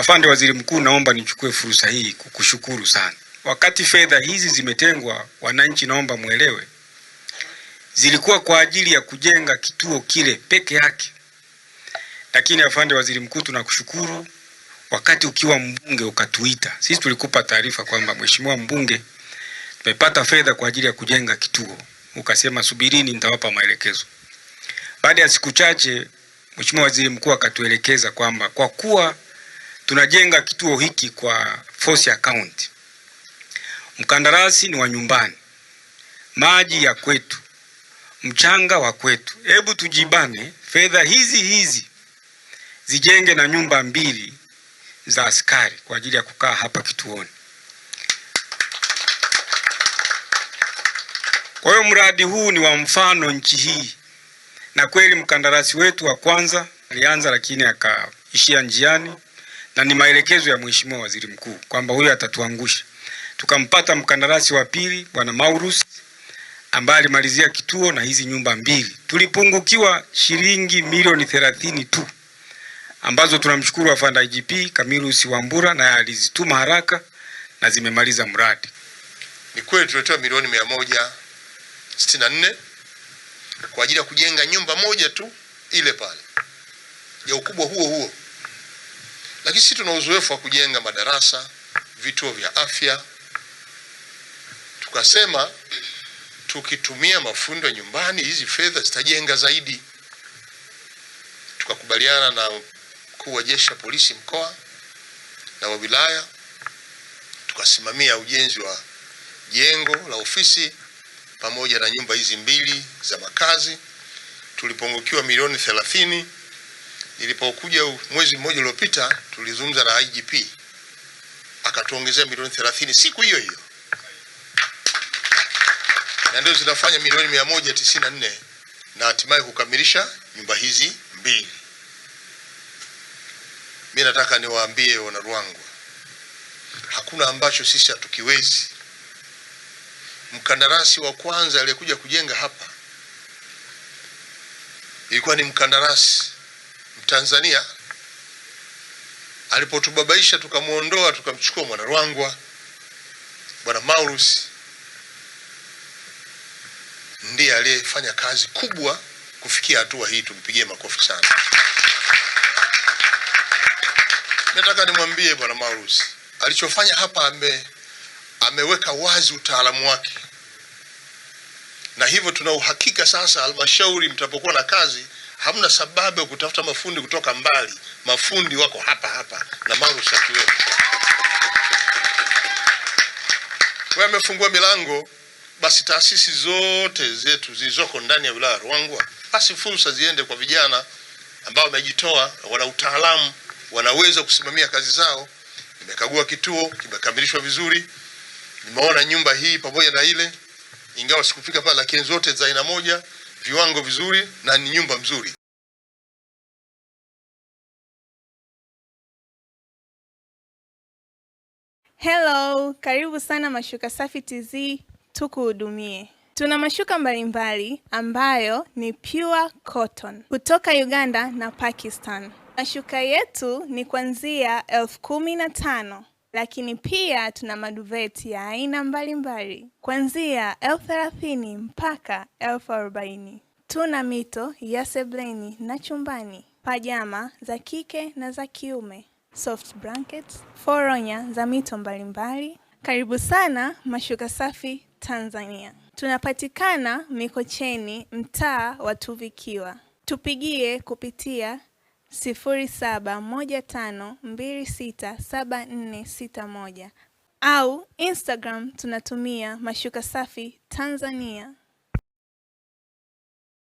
Afande Waziri Mkuu, naomba nichukue fursa hii kukushukuru sana. Wakati fedha hizi zimetengwa, wananchi, naomba mwelewe, zilikuwa kwa ajili ya kujenga kituo kile peke yake, lakini afande Waziri Mkuu, tunakushukuru. Wakati ukiwa mbunge ukatuita sisi, tulikupa taarifa kwamba mheshimiwa mbunge, tumepata fedha kwa ajili ya kujenga kituo, ukasema subirini, nitawapa maelekezo. Baada ya siku chache, mheshimiwa Waziri Mkuu akatuelekeza kwamba kwa kuwa tunajenga kituo hiki kwa force account. Mkandarasi ni wa nyumbani, maji ya kwetu, mchanga wa kwetu. Hebu tujibane, fedha hizi hizi zijenge na nyumba mbili za askari kwa ajili ya kukaa hapa kituoni. Kwa hiyo mradi huu ni wa mfano nchi hii, na kweli mkandarasi wetu wa kwanza alianza, lakini akaishia njiani na ni maelekezo ya Mheshimiwa Waziri Mkuu kwamba huyo atatuangusha. Tukampata mkandarasi wa pili Bwana Maurus ambaye alimalizia kituo na hizi nyumba mbili. Tulipungukiwa shilingi milioni thelathini tu ambazo tunamshukuru afanda IGP Kamilus Wambura na alizituma haraka na zimemaliza mradi. Ni kweli tulitoa milioni mia moja sitini na nne kwa ajili ya kujenga nyumba moja tu ile pale ya ukubwa huo huo. Lakini sisi tuna uzoefu wa kujenga madarasa, vituo vya afya. Tukasema tukitumia mafundo ya nyumbani, hizi fedha zitajenga zaidi. Tukakubaliana na mkuu wa jeshi la polisi mkoa na wa wilaya, tukasimamia ujenzi wa jengo la ofisi pamoja na nyumba hizi mbili za makazi tulipongukiwa milioni thelathini. Ilipokuja mwezi mmoja uliopita, tulizungumza na IGP akatuongezea milioni 30 siku hiyo hiyo, na ndio zinafanya milioni 194 na hatimaye kukamilisha nyumba hizi mbili. Mimi nataka niwaambie wana Ruangwa, hakuna ambacho sisi hatukiwezi. Mkandarasi wa kwanza aliyekuja kujenga hapa ilikuwa ni mkandarasi Tanzania alipotubabaisha tukamwondoa tukamchukua mwana Rwangwa, Bwana Maurus ndiye aliyefanya kazi kubwa kufikia hatua hii, tumpigie makofi sana. Nataka nimwambie Bwana Maurus alichofanya hapa, ame, ameweka wazi utaalamu wake, na hivyo tuna uhakika sasa halmashauri mtapokuwa na kazi hamna sababu ya kutafuta mafundi kutoka mbali. Mafundi wako hapa hapa na marusati wetu. Kwa amefungua milango, basi taasisi zote zetu zilizoko ndani ya wilaya Ruangwa, basi fursa ziende kwa vijana ambao wamejitoa, wana utaalamu, wanaweza kusimamia kazi zao. Nimekagua kituo, kimekamilishwa vizuri. Nimeona nyumba hii pamoja na ile, ingawa sikufika pale, lakini zote za aina moja viwango vizuri na ni nyumba mzuri. Hello, karibu sana Mashuka Safi TZ, tukuhudumie. Tuna mashuka mbalimbali ambayo ni pure cotton kutoka Uganda na Pakistan. Mashuka yetu ni kuanzia elfu kumi na tano lakini pia tuna maduveti ya aina mbalimbali kuanzia elfu thelathini mpaka elfu arobaini. Tuna mito ya sebleni na chumbani, pajama za kike na za kiume, soft blankets, foronya za mito mbalimbali. Karibu sana Mashuka Safi Tanzania. Tunapatikana Mikocheni, mtaa wa Tuvikiwa. Tupigie kupitia sifuri saba moja tano mbili sita saba nne sita moja au Instagram tunatumia Mashuka Safi Tanzania.